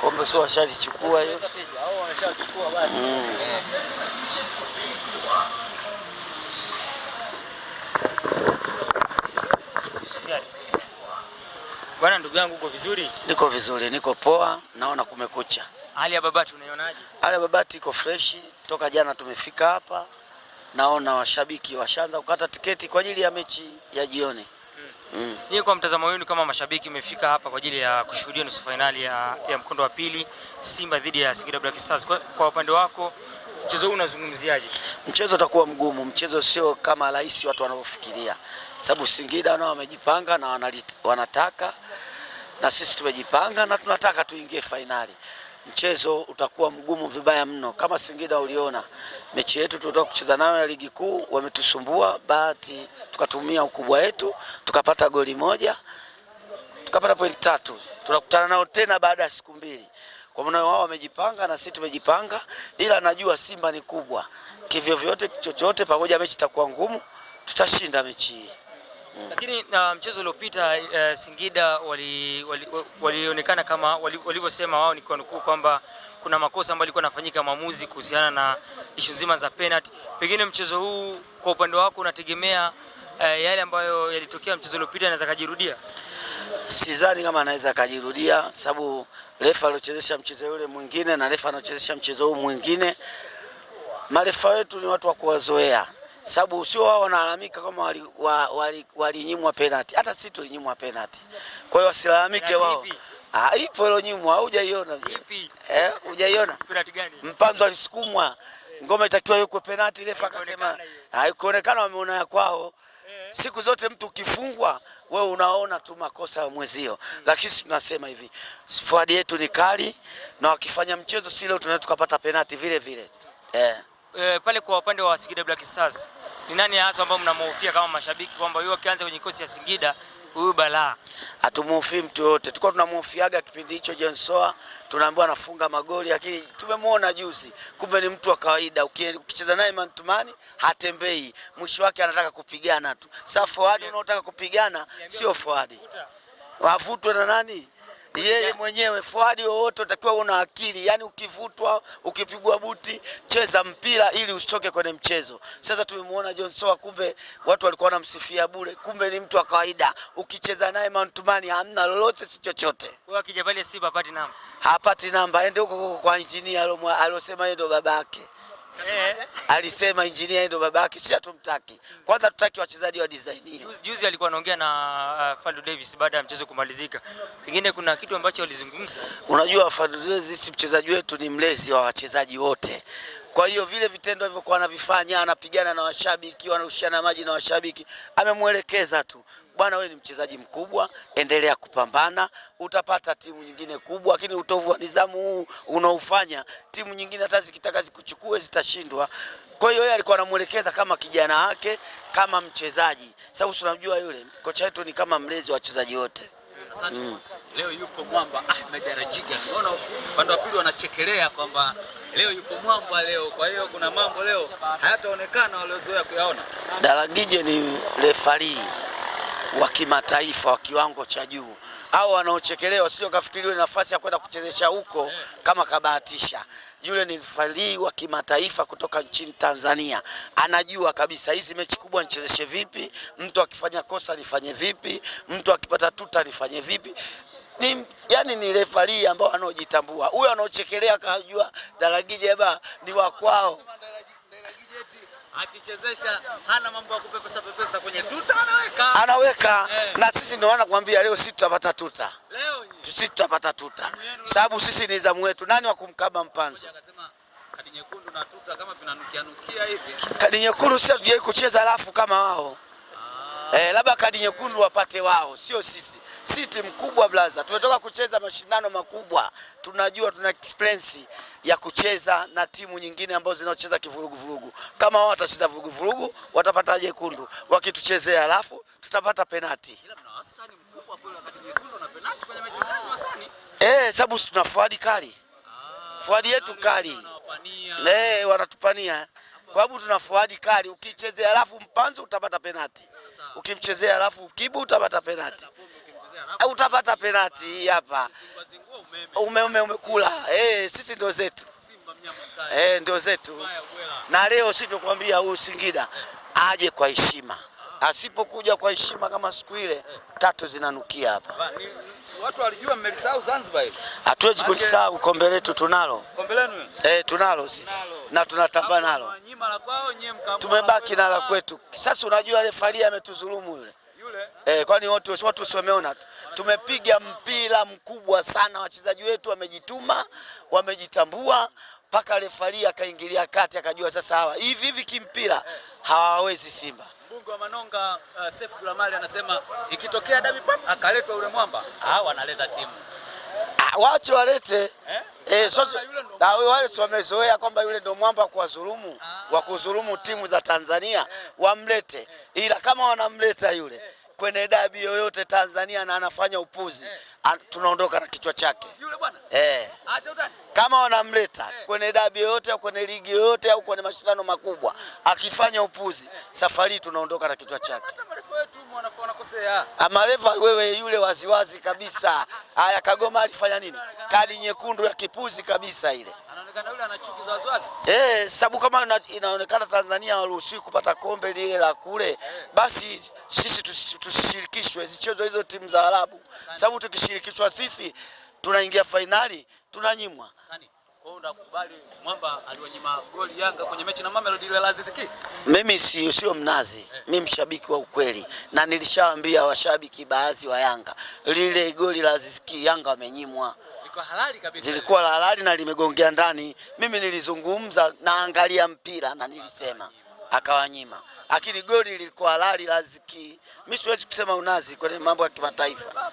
Kombe sio washazichukua hiyo. Bwana ndugu yangu uko vizuri? Niko vizuri, niko poa, naona kumekucha. Hali ya Babati unaionaje? Hali ya Babati iko fresh, toka jana tumefika hapa. Naona washabiki washaanza kukata tiketi kwa ajili ya mechi ya jioni. Mm. Niye kwa mtazamo wenu kama mashabiki mmefika hapa kwa ajili ya kushuhudia nusu fainali ya, ya mkondo wa pili Simba dhidi ya Singida Black Stars. Kwa, kwa upande wako mchezo huu unazungumziaje? Mchezo utakuwa mgumu, mchezo sio kama rahisi watu wanavyofikiria, sababu Singida nao wamejipanga na wanataka, na sisi tumejipanga na tunataka tuingie fainali mchezo utakuwa mgumu vibaya mno. Kama Singida uliona mechi yetu tulitoka kucheza nayo ya ligi kuu, wametusumbua, bahati tukatumia ukubwa wetu tukapata goli moja tukapata pointi tatu. Tunakutana nao tena baada ya siku mbili. Kwa maana wao wamejipanga na sisi tumejipanga, ila najua Simba ni kubwa kivyo vyote, chochote pamoja, mechi itakuwa ngumu, tutashinda mechi hii. Lakini na mchezo uliopita uh, Singida walionekana wali, wali kama walivyosema wali wao, ni kwa nukuu kwamba kuna makosa ambayo yalikuwa yanafanyika maamuzi kuhusiana na ishu nzima za penalty. Pengine mchezo huu kwa upande wako unategemea uh, yale ambayo yalitokea mchezo uliopita anaweza kajirudia? Sidhani kama anaweza akajirudia, sababu refa aliochezesha mchezo yule mwingine na refa anaochezesha mchezo huu mwingine. Marefa wetu ni watu wa kuwazoea sababu sio wao wanalalamika kama walinyimwa wali, wali penalti. Hata sisi tulinyimwa penalti, kwa hiyo wasilalamike wao. Ah, ipo ile nyimwa hujaiona vipi? Eh, hujaiona penalti gani? Mpanzo alisukumwa ngoma itakiwa yuko penalti, refa akasema haikuonekana, wameona ya kwao. Eh. Siku zote mtu ukifungwa wewe unaona tu makosa ya mwezio, hmm. lakini sisi tunasema hivi, fuadi yetu ni kali, na wakifanya mchezo si leo tunaweza tukapata penalti vile vile eh eh, pale kwa upande wa Singida Black Stars ni nani hasa ambao mnamhofia kama mashabiki kwamba yeye akianza kwenye kikosi ya Singida huyu balaa? Hatumuhofii mtu yote, tulikuwa tunamhofiaga kipindi hicho jensoa tunaambiwa anafunga magoli, lakini tumemwona juzi, kumbe ni mtu wa kawaida. Ukicheza naye mantumani hatembei, mwisho wake anataka kupigana tu. Sasa forward unaotaka kupigana sio forward, wavutwe na nani? yeye mwenyewe Fuadi wowote utakiwa una akili, yaani ukivutwa, ukipigwa buti, cheza mpira ili usitoke kwenye mchezo. Sasa tumemwona John Soa, kumbe watu walikuwa wanamsifia bure, kumbe ni mtu wa kawaida. Ukicheza naye Mantumani hamna lolote, si chochote. Wewe akija pale Simba hapati namba, hapati namba, ende huko kwa injinia alosema, yeye ndo babake. Eh. alisema injinia ndio babake, si hatumtaki. Kwanza tutaki wachezaji wa design hiyo. Juzi juzi alikuwa anaongea na uh, Fadlu Davis baada ya mchezo kumalizika, pengine kuna kitu ambacho walizungumza. Unajua Fadlu Davis mchezaji wetu ni mlezi wa wachezaji wote kwa hiyo vile vitendo alivyokuwa anavifanya, anapigana na washabiki, wanarushiana maji na washabiki, amemwelekeza tu bwana, wewe ni mchezaji mkubwa, endelea kupambana, utapata timu nyingine kubwa. Lakini utovu wa nidhamu huu unaofanya, timu nyingine hata zikitaka zikuchukue zitashindwa. Kwa hiyo yeye alikuwa anamwelekeza kama kijana wake, kama mchezaji. sababu unajua yule kocha wetu ni kama mlezi wa wachezaji wote mm leo yupo mwamba Ahmed Rajiga. Unaona upande wa pili wanachekelea kwamba leo yupo mwamba leo. Kwa hiyo kuna mambo leo hayataonekana waliozoea kuyaona. Daragije ni refari wa kimataifa wa kiwango cha juu au wanaochekelewa sio kafikiriwe nafasi ya kwenda kuchezesha huko kama kabahatisha. Yule ni mfalii wa kimataifa kutoka nchini Tanzania, anajua kabisa hizi mechi kubwa nichezeshe vipi, mtu akifanya kosa alifanye vipi, mtu akipata tuta alifanye vipi ni, yani ni refari ambao wanaojitambua. Huyo anaochekelea kajua Daragije ba ni wa kwao akichezesha hana mambo ya kupepesa pepesa kwenye tuta anaweka, anaweka eh. Na sisi ndio wanakuambia leo sisi tutapata tuta, leo sisi tutapata tuta, sababu sisi ni zamu wetu. Nani wa kumkaba mpanzo? Kadi nyekundu na tuta kama vinanukia nukia hivi, kadi nyekundu sisi hatujai kucheza, alafu kama wao eh, labda kadi nyekundu wapate wao, sio sisi. Si timu kubwa blaza, tumetoka kucheza mashindano makubwa, tunajua tuna experience ya kucheza na timu nyingine ambazo zinacheza kivuruguvurugu. Kama wao watacheza vuruguvurugu, watapata nyekundu wakituchezea alafu tutapata penati ah. eh, sababu tuna fuadi kali, ah, fuadi yetu kali, eh, wanatupania kwa sababu tuna Fuadi Kali, ukichezea alafu mpanzo utapata penati, ukimchezea alafu Kibu utapata penati, utapata penati. Hii hapa ume ume umekula. Eh, sisi ndio zetu eh, ndio zetu. Na leo sitokwambia huyu Singida aje kwa heshima, ah. asipokuja kwa heshima kama siku ile eh. tatu zinanukia hapa. Watu walijua mmelisahau Zanzibar. Hatuwezi kulisahau kombe letu tunalo. Kombe lenu? Eh, tunalo sisi na tunatamba nalo, tumebaki na la kwetu. Sasa unajua refari ametudhulumu yule Eh, kwani wote watu wameona tumepiga mpira mkubwa sana, wachezaji wetu wamejituma, wamejitambua mpaka refari akaingilia kati akajua sasa hawa hivi hivi kimpira hawawezi Simba. Mbunge wa Manonga uh, Sefu Gulamali anasema ikitokea dabi akaletwa yule mwamba, hawa analeta timu Ah, wache walete eh, eh wale wamezoea kwamba yule ndo mwamba wa kuwadhulumu ah. wa kudhulumu timu za Tanzania eh. wamlete, eh. ila kama wanamleta yule kwenye dabi yoyote Tanzania na anafanya upuzi tunaondoka na kichwa chake eh. Kama wanamleta kwenye dabi yoyote au kwenye ligi yoyote au kwenye mashindano makubwa akifanya upuzi, safari tunaondoka na kichwa chake wanakosea. Ah, wewe yule waziwazi kabisa. Haya Kagoma alifanya nini? Kadi nyekundu ya kipuzi kabisa ile. Anaonekana yule ana chuki za waziwazi. Eh, sababu kama inaonekana Tanzania hawaruhusiwi kupata kombe lile la kule, basi sisi tusishirikishwe zichezo hizo timu za Arabu. Sababu tukishirikishwa sisi tunaingia fainali tunanyimwa. Kwao nakubali mwamba aliwanyima goli Yanga kwenye mechi na Mamelodi ile la Mimi si sio mnazi eh. Mimi mshabiki wa ukweli na nilishawaambia washabiki baadhi wa Yanga lile goli la Aziz Yanga wamenyimwa Zilikuwa la halali na limegongea ndani. Mimi nilizungumza naangalia mpira na nilisema akawanyima, lakini goli lilikuwa halali la Aziz Mimi siwezi kusema unazi kwenye mambo ya kimataifa.